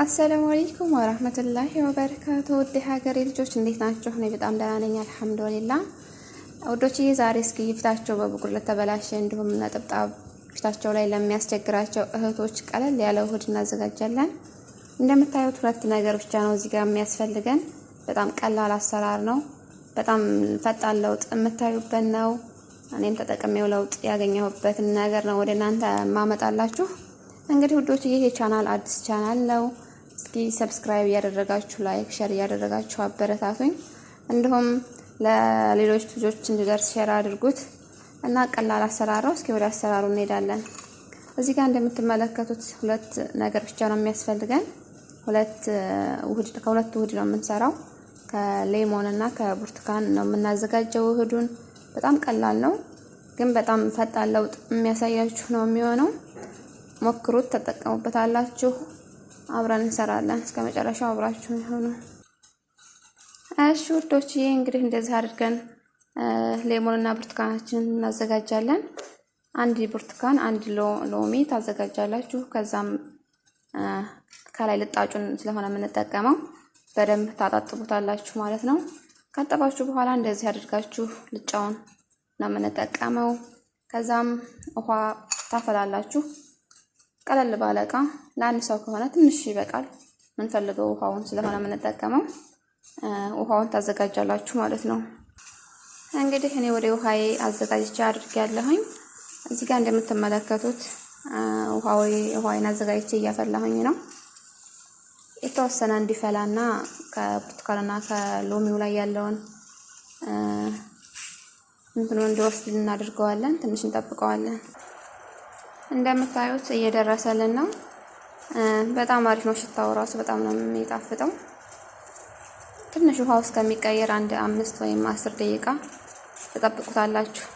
አሰላሙ አለይኩም ወራህመቱላሂ ወበረካቱ። ውድ ሀገሬ ልጆች እንዴት ናችሁ? እኔ በጣም ደህና ነኝ አልሐምዱሊላህ። ውዶችዬ ዛሬ እስኪ ፊታቸው በብጉር ለተበላሸ እንዲሁም ነጠብጣብ ፊታቸው ላይ ለሚያስቸግራቸው እህቶች ቀለል ያለ ውህድ እናዘጋጃለን። እንደምታዩት ሁለት ነገር ብቻ ነው እዚህ ጋር የሚያስፈልገን። በጣም ቀላል አሰራር ነው። በጣም ፈጣን ለውጥ የምታዩበት ነው። እኔም ተጠቅሜው ለውጥ ያገኘሁበትን ነገር ነው ወደ እናንተ ማመጣላችሁ። እንግዲህ ውዶች ይህ የቻናል አዲስ ቻናል ነው። እስኪ ሰብስክራይብ እያደረጋችሁ ላይክ፣ ሼር እያደረጋችሁ አበረታቱኝ። እንዲሁም ለሌሎች ልጆች እንዲደርስ ሼር አድርጉት እና ቀላል አሰራር እስኪ ወደ አሰራሩ እንሄዳለን። እዚህ ጋር እንደምትመለከቱት ሁለት ነገር ብቻ ነው የሚያስፈልገን። ሁለት ውህድ ከሁለት ውህድ ነው የምንሰራው። ከሌሞን እና ከብርቱካን ነው የምናዘጋጀው ውህዱን። በጣም ቀላል ነው፣ ግን በጣም ፈጣን ለውጥ የሚያሳያችሁ ነው የሚሆነው። ሞክሩት፣ ተጠቀሙበታላችሁ። አብረን እንሰራለን እስከ መጨረሻው አብራችሁ ሆኑ። እሺ ውዶችዬ እንግዲህ እንደዚህ አድርገን ሌሞንና ብርቱካናችንን እናዘጋጃለን። አንድ ብርቱካን፣ አንድ ሎሚ ታዘጋጃላችሁ። ከዛም ከላይ ልጣጩን ስለሆነ የምንጠቀመው በደንብ ታጣጥቡታላችሁ ማለት ነው። ካጠባችሁ በኋላ እንደዚህ አድርጋችሁ ልጫውን ነው የምንጠቀመው። ከዛም ውሃ ታፈላላችሁ። ቀለል ባለ እቃ ለአንድ ሰው ከሆነ ትንሽ ይበቃል። ምንፈልገው ውሃውን ስለሆነ የምንጠቀመው ውሃውን ታዘጋጃላችሁ ማለት ነው። እንግዲህ እኔ ወደ ውሃዬ አዘጋጅቼ አድርጌ ያለሁኝ እዚህ ጋር እንደምትመለከቱት ውሃዬን አዘጋጅቼ እያፈላሁኝ ነው። የተወሰነ እንዲፈላ እና ከብርቱካንና ከሎሚው ላይ ያለውን እንትኑ እንዲወስድ እናደርገዋለን። ትንሽ እንጠብቀዋለን። እንደምታዩት እየደረሰልን ነው። በጣም አሪፍ ነው። ሽታው ራሱ በጣም ነው የሚጣፍጠው። ትንሽ ውሃው እስከሚቀየር አንድ አምስት ወይም አስር ደቂቃ ተጠብቁታላችሁ።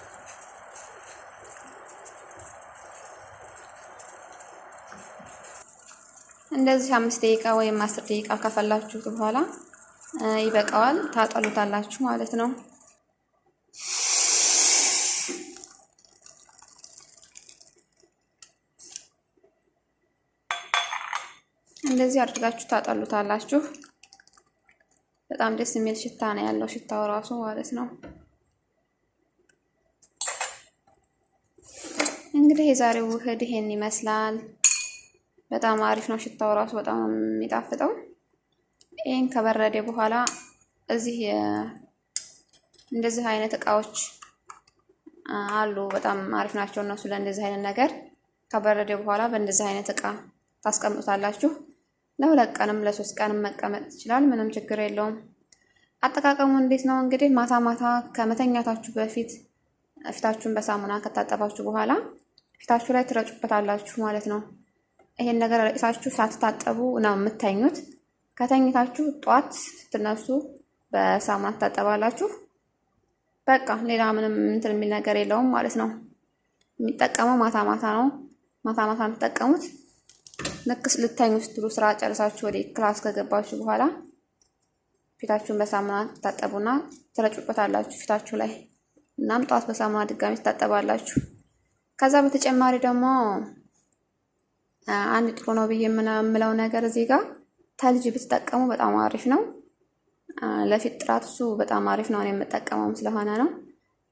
እንደዚህ አምስት ደቂቃ ወይም አስር ደቂቃ ከፈላችሁት በኋላ ይበቃዋል። ታጠሉታላችሁ ማለት ነው። እንደዚህ አድርጋችሁ ታጠሉታላችሁ። በጣም ደስ የሚል ሽታ ነው ያለው፣ ሽታው ራሱ ማለት ነው። እንግዲህ የዛሬው ውህድ ይሄን ይመስላል። በጣም አሪፍ ነው፣ ሽታው ራሱ በጣም የሚጣፍጠው። ይሄን ከበረደ በኋላ እዚህ እንደዚህ አይነት እቃዎች አሉ፣ በጣም አሪፍ ናቸው እነሱ ለእንደዚህ አይነት ነገር። ከበረደ በኋላ በእንደዚህ አይነት እቃ ታስቀምጡታላችሁ። ለሁለት ቀንም ለሶስት ቀንም መቀመጥ ይችላል። ምንም ችግር የለውም። አጠቃቀሙ እንዴት ነው? እንግዲህ ማታ ማታ ከመተኛታችሁ በፊት ፊታችሁን በሳሙና ከታጠባችሁ በኋላ ፊታችሁ ላይ ትረጩበታላችሁ ማለት ነው። ይሄን ነገር ረጭታችሁ ሳትታጠቡ ነው የምተኙት። ከተኝታችሁ ጧት ስትነሱ በሳሙና ትታጠባላችሁ። በቃ ሌላ ምንም እንትን የሚል ነገር የለውም ማለት ነው። የሚጠቀመው ማታ ማታ ነው። ማታ ማታ የምትጠቀሙት ንክስ ልታኝ ስትሉ ስራ ጨርሳችሁ ወደ ክላስ ከገባችሁ በኋላ ፊታችሁን በሳሙና ትታጠቡና ትረጩበታላችሁ ፊታችሁ ላይ። እናም ጠዋት በሳሙና ድጋሚ ትታጠባላችሁ። ከዛ በተጨማሪ ደግሞ አንድ ጥሩ ነው ብዬ የምለው ነገር እዚህ ጋር ተልጅ ብትጠቀሙ በጣም አሪፍ ነው። ለፊት ጥራት እሱ በጣም አሪፍ ነው። እኔ የምጠቀመውም ስለሆነ ነው።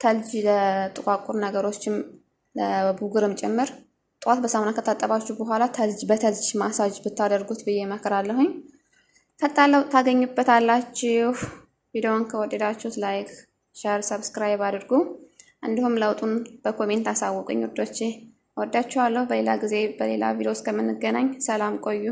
ተልጅ ለጥቋቁር ነገሮችም ለቡግርም ጭምር ጠዋት በሳሙና ከታጠባችሁ በኋላ በተልጅ ማሳጅ ብታደርጉት ብዬ እመክራለሁኝ። ፈጣለው ታገኙበታላችሁ። ቪዲዮውን ከወደዳችሁት ላይክ፣ ሸር፣ ሰብስክራይብ አድርጉ። እንዲሁም ለውጡን በኮሜንት አሳውቁኝ። ውዶቼ ወዳችኋለሁ። በሌላ ጊዜ በሌላ ቪዲዮ እስከምንገናኝ ሰላም ቆዩ።